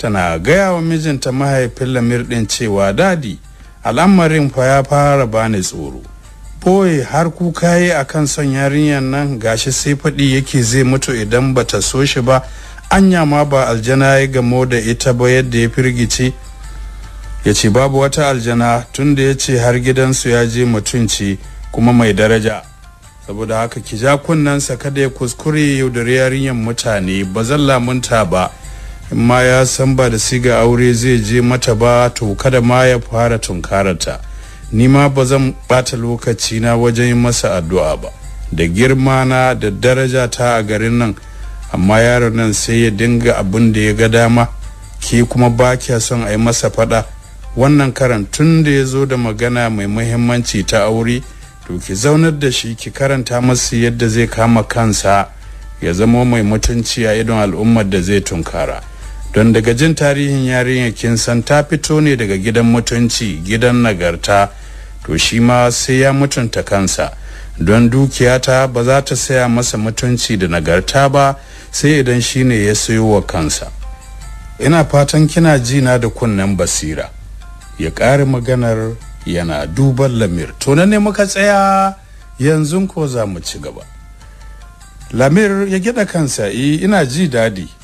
tana gaya wa mijinta mahaifin lamir ɗin cewa dadi al'amarin fa ya fara bani tsoro boye har kuka yi a kan son yarinyar nan gashi sai faɗi yake zai mutu idan bata so shi ba anya ma ba aljana ya gamo da ita ba yadda ya firgice ya ce babu wata aljana tunda ya ce har su ya je mutunci kuma mai daraja saboda haka ki ja sa kada ya kuskure yaudare yarinyar mutane ba zan lamunta ba ma ya san ba da siga aure zai je mata ba to kada ma ya fara tunkarata ni ma ba zan bata lokaci na wajen masa addu'a ba da girma na da daraja ta a garin nan amma yaron nan sai ya dinga abin da ya ga dama ke kuma ba kya son a yi masa fada wannan karantun da ya zo da magana mai muhimmanci ta aure to ki zaunar da shi ki karanta masa yadda zai kama kansa ya zama mai mutunci a idon al'ummar da zai tunkara don daga jin tarihin yarinyar kin san ta fito ne daga gidan mutunci gidan nagarta to shi ma sai ya mutunta kansa don dukiyata ba za ta saya masa mutunci da nagarta ba sai idan shi ne ya sayo wa kansa ina fatan kina jina da kunnen basira ya ƙari maganar yana duban lamir to ne muka tsaya yanzu ko za mu ci gaba lamir ya gida kansa eh, ina ji daɗi.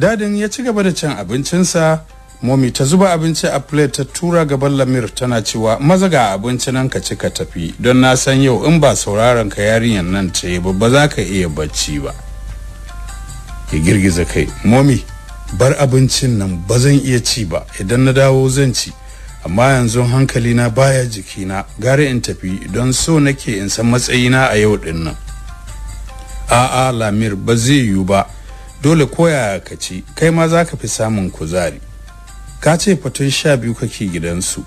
dadin ya ci gaba da cin abincinsa momi ta zuba abinci a plate ta tura gaban lamir tana cewa maza ga abinci nan ka ci ka tafi don na san yau in ba sauraron ka yarinyar nan ce ba za ka iya bacci ba ya girgiza kai momi bar abincin nan ba zan iya ci ba idan na dawo zan ci amma yanzu hankalina baya jikina gare in tafi don so nake in san matsayina a yau din a'a lamir ba zai yiwu ba dole koya ka ci kai ma zaka fi samun kuzari ka ce fatun sha biyu kake gidansu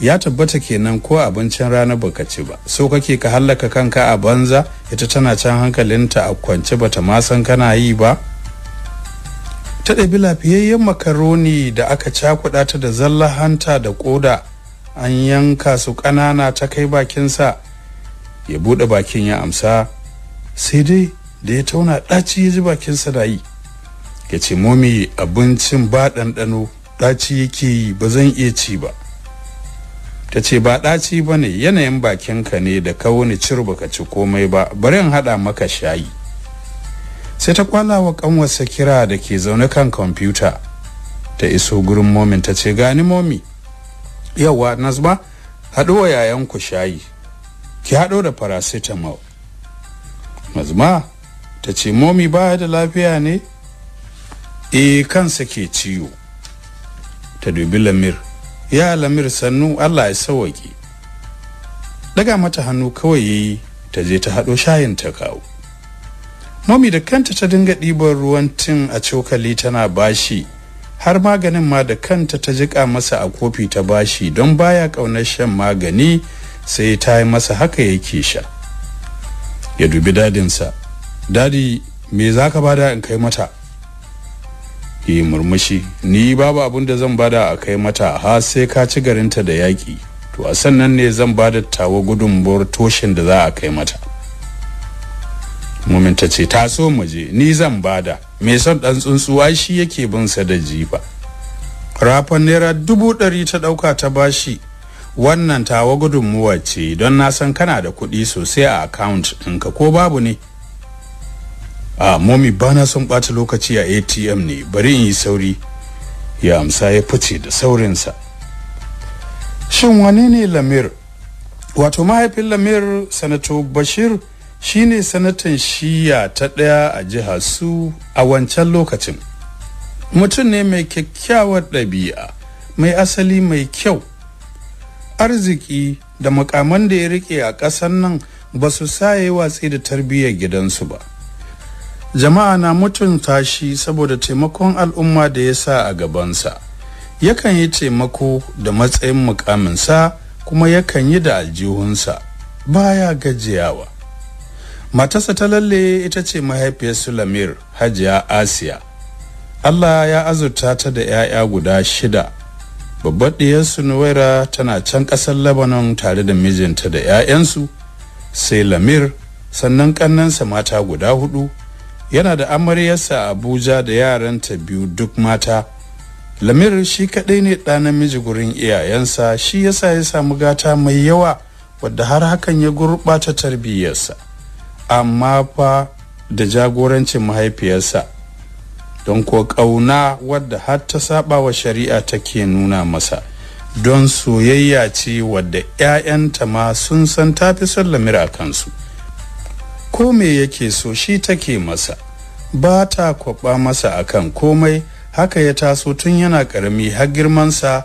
ya tabbata kenan ko abincin rana baka ci ba so kake ka hallaka kanka a banza ita tana can hankalinta a kwance bata ma san kana yi ba ta ɗabi lafiyayyen makaroni da aka cakuɗa ta da zalla hanta da ƙoda an yanka su ƙanana ta kai bakinsa ya buɗe bakin ya amsa sai dai da ya tauna ɗaci ya ji bakinsa na yi ya momi abincin ba ɗanɗano ɗaci yake yi ba zan iya ci ba ta ce ba ɗaci bane ne yanayin ka ne da ka wani cir baka ci komai ba bari in haɗa maka shayi sai ta kwala wa ƙanwarsa kira da ke zaune kan kwamfuta ta iso gurin momin ta ce gani momi yawa nasba haɗo wa yayanku shayi ki haɗo da paracetamol nazma ta ce momi baya da lafiya ne e kansa ke ciwo ta dubi lamir ya lamir sannu allah ya sawaki daga mata hannu kawai ya yi ta je ta haɗo shayin ta kawo momi da kanta ta dinga ɗiban ruwan tin a cokali tana bashi har maganin ma da kanta ta jiƙa masa a kofi ta bashi don baya ƙaunar shan magani sai ta yi masa haka yake sha ya dubi dadinsa dadi me za ka bada in kai mata yi murmushi ni babu abin da zan bada a kai mata ha sai ka ci garinta da yaƙi to a sannan ne zan bada tawa bor toshin da za a kai mata mumin ta ce ta so muje ni zan bada me son dan tsuntsuwa shi yake bin sa da jifa rafan naira dubu ɗari ta ɗauka ta bashi wannan tawa gudunmuwa ce don na san kana da kuɗi sosai a account ɗinka ko babu ne a ah, momi bana son ɓata lokaci a atm ne bari in yi sauri ya amsa ya fice da saurinsa shin wane ne lamir wato mahaifin lamir sanato bashir shine sanatan shiya ta ɗaya a jihar su a wancan lokacin mutum ne mai kyakkyawar ɗabi'a mai asali mai kyau arziki da makaman da ya rike a ƙasar nan ba su saye watsi da tarbiyyar gidansu ba jama'a na mutunta shi saboda taimakon al'umma da ya sa a gabansa yakan yi taimako da matsayin mukaminsa kuma yakan yi da aljihunsa baya gajiyawa matarsa ta lalle ita ce mahaifiyar sulamir hajiya asiya allah ya azurta ta da 'ya'ya guda shida babbar ɗiyarsu nuwaira tana can ƙasar lebanon tare da mijinta da 'ya'yansu sai lamir sannan ƙannansa mata guda hudu yana da amaryarsa abuja da yaranta biyu duk mata lamir shi kaɗai ne ɗa namiji gurin iyayensa shi yasa ya samu gata mai yawa wadda har hakan ya gurɓata tarbiyyarsa amma fa da jagorancin mahaifiyarsa don ko ƙauna wadda har ta saba wa shari'a take nuna masa don soyayya ce wadda 'ya'yanta ma sun san tafi son lamir a kansu ko me yake so shi take masa ba ta kwaba masa akan komai haka ya taso tun yana karami har girmansa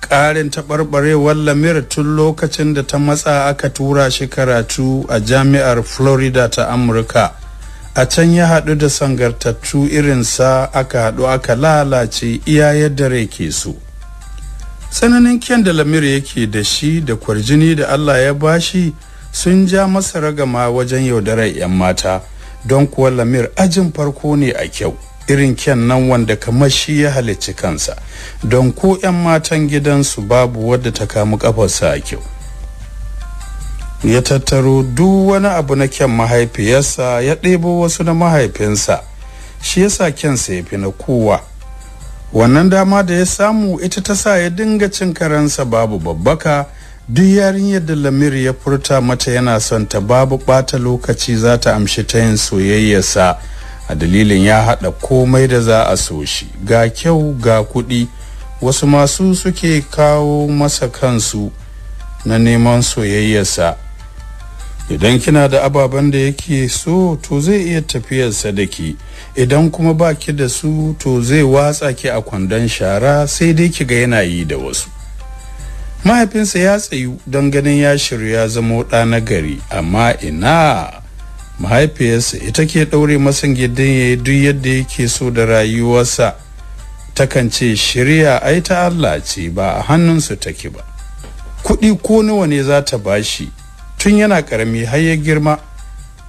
ƙarin taɓarɓarewar lamir tun lokacin da ta matsa aka tura shi karatu a jami'ar florida ta amurka a can ya haɗu da sangartattu irinsa aka haɗu aka lalace iya yadda rai ke so tsananin kyan da lamir yake da shi da kwarjini da allah ya bashi sun ja masa ragama wajen yaudarar 'yan mata don kuwa lamir ajin farko ne a kyau irin kyan nan wanda kamar shi ya halicci kansa don ko 'yan matan gidansu babu wadda ta kamu kafarsa a kyau ya tattaro duk wani abu na kyan mahaifiyarsa ya ɗebo wasu na mahaifinsa shi ya yasa kyansa ya fi na kowa wannan dama da ya samu ita ta sa ya dinga cin karansa babu babbaka duk yarinyar da lamir ya furta mata yana son ta babu bata lokaci za ta amshi ta yin soyayyarsa a dalilin ya haɗa komai da za a so shi ga kyau ga kuɗi wasu masu suke kawo masa kansu na neman soyayyarsa idan kina da ababen da yake so to zai iya tafiyarsa da idan kuma baki da su to zai watsa ki a kwandon shara sai dai ki ga yana yi da wasu mahaifinsa ya tsayu don ganin ya shirya ya zama ɗa na gari amma ina mahaifiyarsa ita ke ɗaure masan gidan ya yi duk yadda yake so da rayuwarsa ta kan ce shirya ai ta Allah ce ba a hannunsa take ba kuɗi ko nawa ne za ta bashi tun yana ƙarami har ya girma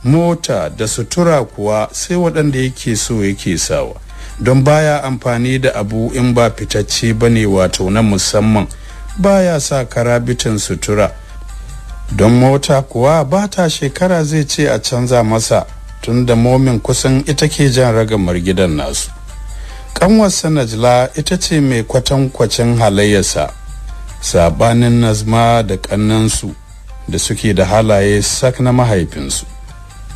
mota da sutura kuwa sai waɗanda yake so yake sawa don baya amfani da abu in ba fitacce bane wato na musamman baya sa karabitin sutura don mota kuwa ba ta shekara zai ce a canza masa tun da momin kusan ita ke jan ragamar gidan nasu kanwarsa najla ita ce mai kwatankwacin halayyarsa sabanin nazma da kannansu da suke da halaye sak na mahaifinsu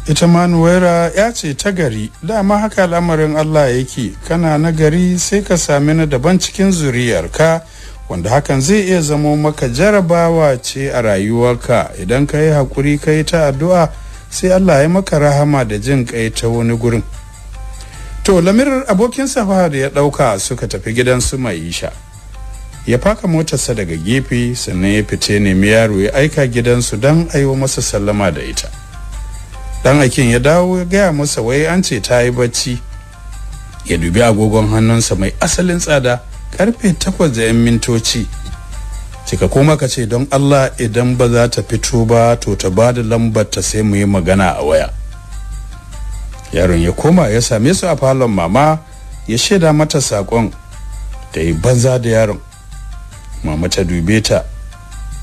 ita Manuwaira ya ce ta gari dama haka lamarin allah yake kana na gari sai ka sami na daban cikin zuriyarka wanda hakan zai iya zamo maka jarabawa ce a rayuwarka idan ka yi haƙuri ka yi ta addu'a sai Allah ya maka rahama da jin kai ta wani gurin to lamirar abokin safa da ya ɗauka suka tafi gidan su isha. ya faka motarsa daga gefe sannan ya fice nemi yaro ya aika gidansu don aiwa masa sallama da ita dan akin ya dawo ya gaya masa wai an ce ta yi bacci ya dubi agogon hannunsa mai asalin tsada karfe takwas da 'yan mintoci cika kuma ka ce don Allah idan ba za ta fito ba to ta ba da lambar ta sai mu yi magana a waya yaron ya koma ya same su a falon mama ya shaida mata sakon ta yi banza da yaron mama ta dube ta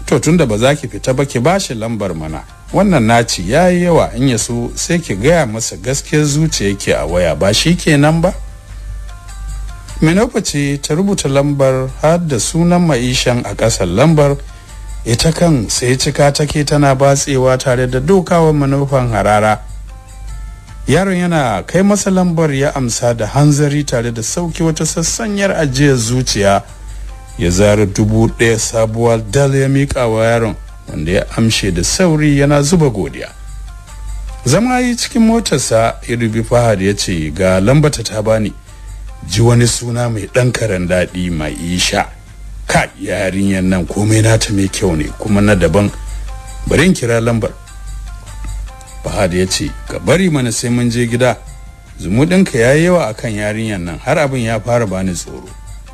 to tunda ba za ki fita ba ki ba shi lambar mana wannan naci ya yi yawa in ya so sai ki gaya masa gaskiyar zuciya yake a waya ba shi kenan ba minofa ce ta rubuta lambar har da sunan ma'ishan a ƙasar lambar ita kan sai cika take tana batsewa tare da dokawa manufan harara yaron yana kai masa lambar ya amsa da hanzari tare da sauki wata sassanyar ajiyar zuciya ya zara dubu ɗaya sabuwar dal ya miƙa wa yaron wanda ya amshe da sauri yana zuba godiya zama yi cikin motarsa ya dubi fahad ya ce ga lambata ta bani ji wani suna mai ɗan karen daɗi mai isha ka yarinyar nan komai nata mai kyau ne kuma na daban bari in kira lambar Fahad ya ce ka bari mana sai mun je gida zumuɗinka ya yi yawa kan yarinyar nan har abin ya fara bani tsoro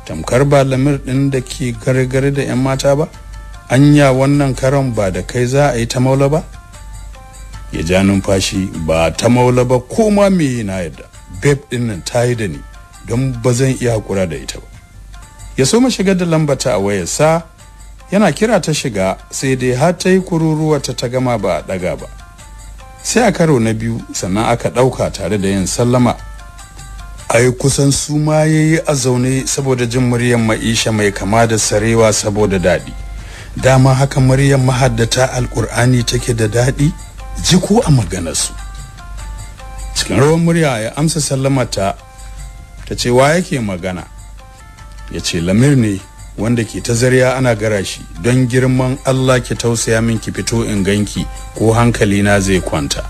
tamkar ba lamir ɗin da ke gargare da 'yan mata ba anya wannan karon ba da kai za a yi ta maula ba ya ja numfashi ba ta maula ba ko ma me na yadda babe ɗin nan ta yi da ni don ba zan iya hakura da ita ba ya so mu shigar da lambata a wayarsa yana kira ta shiga sai dai har ta yi kururuwa ta ta gama ba a daga ba sai a karo na biyu sannan aka ɗauka tare da yin sallama ai kusan su ma ya yi a zaune saboda jin muryar ma'isha mai kama da sarewa saboda daɗi dama haka muryar mahaddata alƙur'ani take da daɗi ji ko a maganarsu cikin rawan murya ya amsa ta. ta ce wa yake magana ya ce lamir ne wanda ke ta zariya ana gara shi don girman allah ki tausaya min ki fito in ganki ko hankali na zai kwanta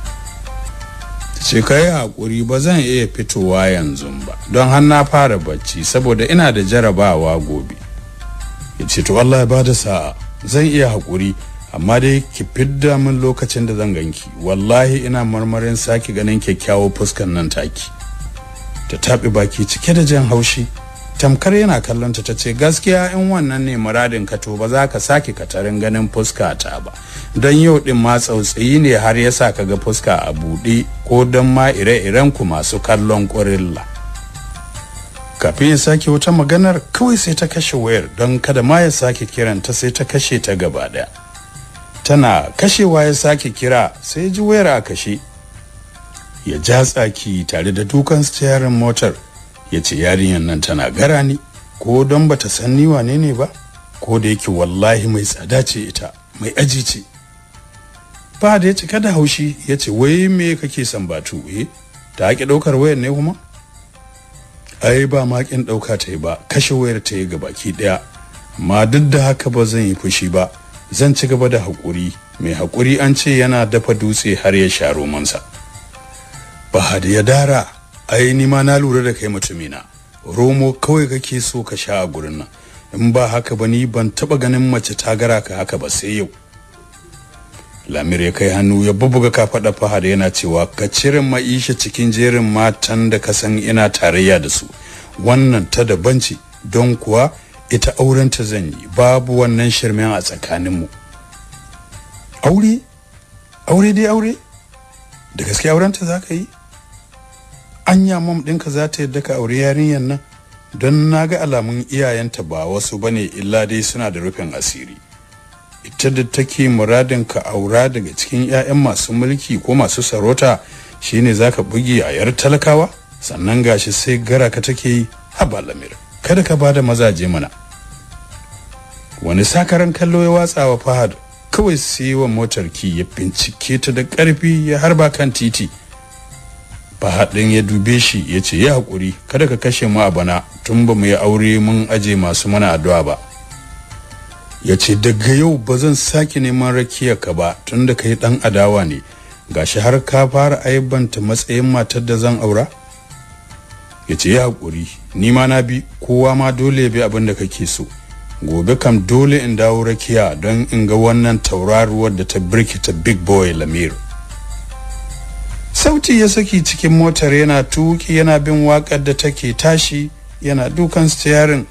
ta ce ka yi haƙuri ba zan iya fitowa yanzu ba don har na fara bacci saboda ina da jarabawa gobe ya ce to allah ya bada sa'a zan iya haƙuri amma dai ki fidda min lokacin da zan ganki wallahi ina marmarin sake ganin kyakkyawo fuskan nan taki ta taɓi baki cike da jan haushi tamkar yana kallon ta ce gaskiya in wannan ne muradin ka to ba za ka sake katarin ganin fuska ta ba don yau din ma tsautsayi ne har ya sa ka ga fuska a buɗe ko don ma ire-iren ku masu kallon ƙurilla kafin ya sake wata maganar kawai sai ta kashe wayar don kada ma ya sake kiranta sai ta kashe ta gaba ɗaya tana kashewa ya sake kira sai ji wayar a kashe ya ja tsaki tare da dukan steering motar ya ce yarinyar nan tana gara ne, ko don bata san ni wane ne ba ko da yake wallahi mai tsada ce ita mai aji ce ba da ya cika da haushi ya ce wai me kake son batu eh ta haƙi ɗaukar wayar ne kuma ai ba makin ɗauka ta yi ba kashe wayar ta yi ga baki ɗaya amma duk da haka ba zan yi fushi ba zan ci gaba da haƙuri mai haƙuri an ce yana dafa dutse har ya sha romansa Bahad ya dara ai ni ma na lura da kai mutumina romo kawai kake so ka sha a gurin nan in ba haka ba ni ban taba ganin mace ta gara ka haka ba sai yau lamir ya kai hannu ya bubuga ka faɗa fahad yana cewa ka cire ma'isha cikin jerin matan da ka san ina tarayya da su wannan ta daban ce don kuwa ita aurenta zan yi babu wannan shirmen a tsakaninmu aure aure dai aure da gaske aurenta za ka yi anya mom ɗinka za ta yadda ka auri yarinyar nan don na ga alamun iyayenta ba wasu ba ne illa dai suna da rufin asiri ita da take muradin ka aura daga cikin 'ya'yan masu mulki ko masu sarauta shine za ka bugi a yar talakawa sannan gashi sai gara ka take yi haba lamir kada ka bada mazaje mana wani sakaran kallo ya watsa wa fahad kawai sai wa motar ki ya bincike ta da karfi ya harba kan titi fahadin ya dube shi ya ce ya haƙuri kada ka kashe mu a bana tun ba mu yi aure mun aje masu mana addu'a ba ya ce daga yau ba zan sake neman ka ba tun da kai ɗan adawa ne gashi har ka fara aibanta matsayin matar da zan aura ya ce ya haƙuri ni ma na bi kowa ma dole ya bi abin da kake so gobe kam dole in dawo rakiya don in ga wannan tauraruwar da ta birkita big boy lamir sauti ya saki cikin motar yana tuki yana bin wakar da take tashi yana dukan steering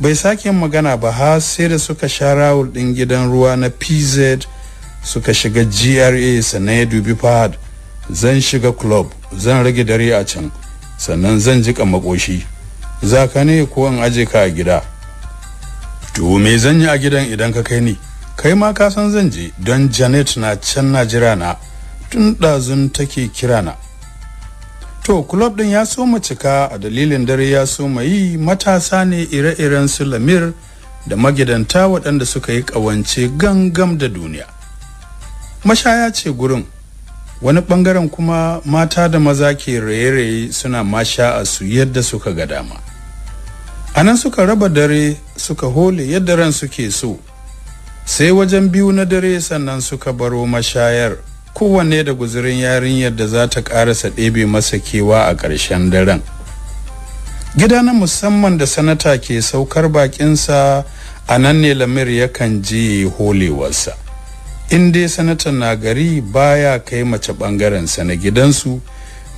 bai sake magana ba ha sai da suka sha rawul din gidan ruwa na pz suka shiga gra sannan ya dubi fahad zan shiga club zan rage dare a can sannan zan jika makoshi za ka ne ko in aje ka a gida to me zan yi a gidan idan ka kai ni kai ma ka san zan je don janet na can na jira na tun ɗazun take kirana to kulob ɗin ya so cika a dalilin dare ya so yi matasa ne ire-iren su lamir da magidanta waɗanda suka yi ƙawance gangam da duniya mashaya ce gurin wani ɓangaren kuma mata da maza ke raye-raye suna masha a su yadda suka ga dama a nan suka raba dare suka hole yadda ran suke so sai wajen biyu na dare sannan suka baro mashayar kowanne da guzurin yarinyar da za ta karasa ɗebe masa kewa a ƙarshen daren gida na musamman da sanata ke saukar bakinsa a nan ne lamir yakan ji holewarsa in dai sanatan na gari baya kai mace ɓangarensa na gidansu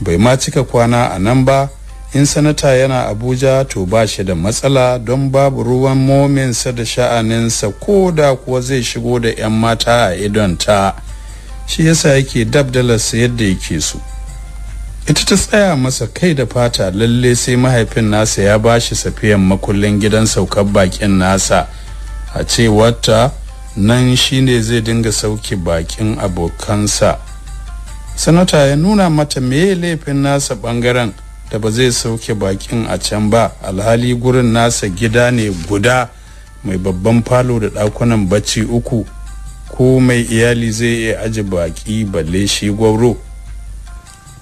bai ma cika kwana a nan ba in sanata yana abuja to ba shi da matsala don babu ruwan mominsa da sha'aninsa ko da kuwa zai shigo da 'yan mata a idonta shi yasa yake dab dabdalarsa yadda yake so ita ta tsaya masa kai da fata lalle sai mahaifin nasa ya bashi safiyan makullin gidan saukar bakin nasa a ce wata nan shine zai dinga sauke bakin abokansa sanata ya nuna mata meye laifin nasa bangaren da ba zai sauke bakin a can ba alhali gurin nasa gida ne guda mai babban falo da ɗakunan bacci uku ko mai iyali zai iya aji baki balle shi gwauro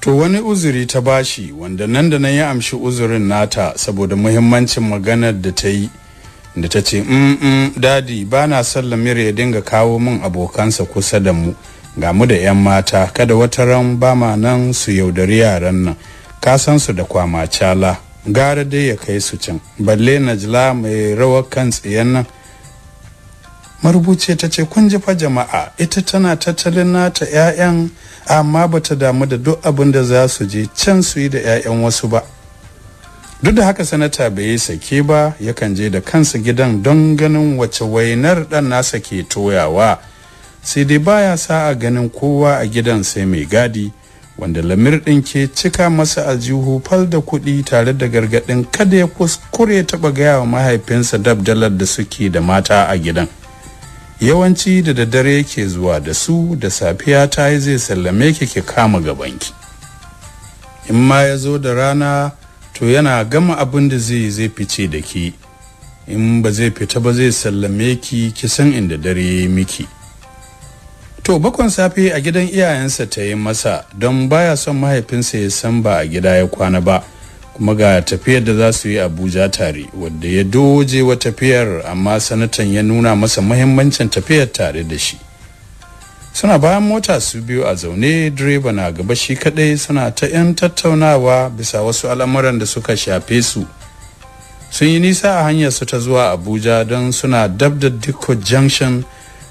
to wani uzuri ta bashi wanda nan da nan ya amshi uzurin nata saboda muhimmancin maganar da ta yi da ta ce mm dadi ba na son lamir ya dinga kawo min abokansa kusa da mu ga mu da 'yan mata kada wata ran ba ma nan su yaudari yaran nan kasan su da kwama cala gara dai ya kai su can balle jila mai rawar kan tsiyan nan marubuciya ta ce kun fa jama'a ita tana tattalin nata 'ya'yan amma bata damu da duk abin da za su je can su yi da 'ya'yan wasu ba duk da haka sanata bai yi sake ba yakan je da kansa gidan don ganin wace wainar ɗan nasa ke toyawa sai dai baya sa'a ganin kowa a gidan sai mai gadi wanda lamir ɗin ke cika masa aljihu fal da kuɗi tare da gargaɗin kada ya kuskure taɓa gaya wa mahaifinsa dabdalar da suke da mata a gidan yawanci da daddare yake zuwa da su da safiya ta yi zai sallame ki ki kama gabanki in ma ya zo da rana to yana gama abin da zai zai fice da ki in ba zai fita ba zai sallame ki ki san inda dare miki to bakon safe a gidan iyayensa ta yi masa don baya son mahaifinsa ya san ba a gida ya kwana ba kuma ga tafiyar da za su yi abuja tare wadda ya doje wa tafiyar amma sanatan ya nuna masa mahimmancin tafiyar tare da shi suna bayan mota su biyu a zaune direba na gaba shi kadai suna ta 'yan tattaunawa bisa wasu al'amuran da suka shafe su sun yi nisa a hanyar su ta zuwa abuja don suna dab da dikko junction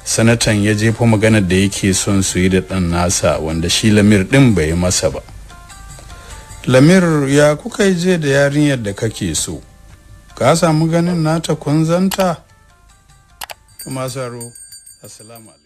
sanatan ya jefa maganar da yake son su yi da ɗan nasa wanda shi lamir ɗin bai masa ba lamir ya kuka yi je da yarinyar da kake so ka samu ganin nata kunzanta tumasaro assalamu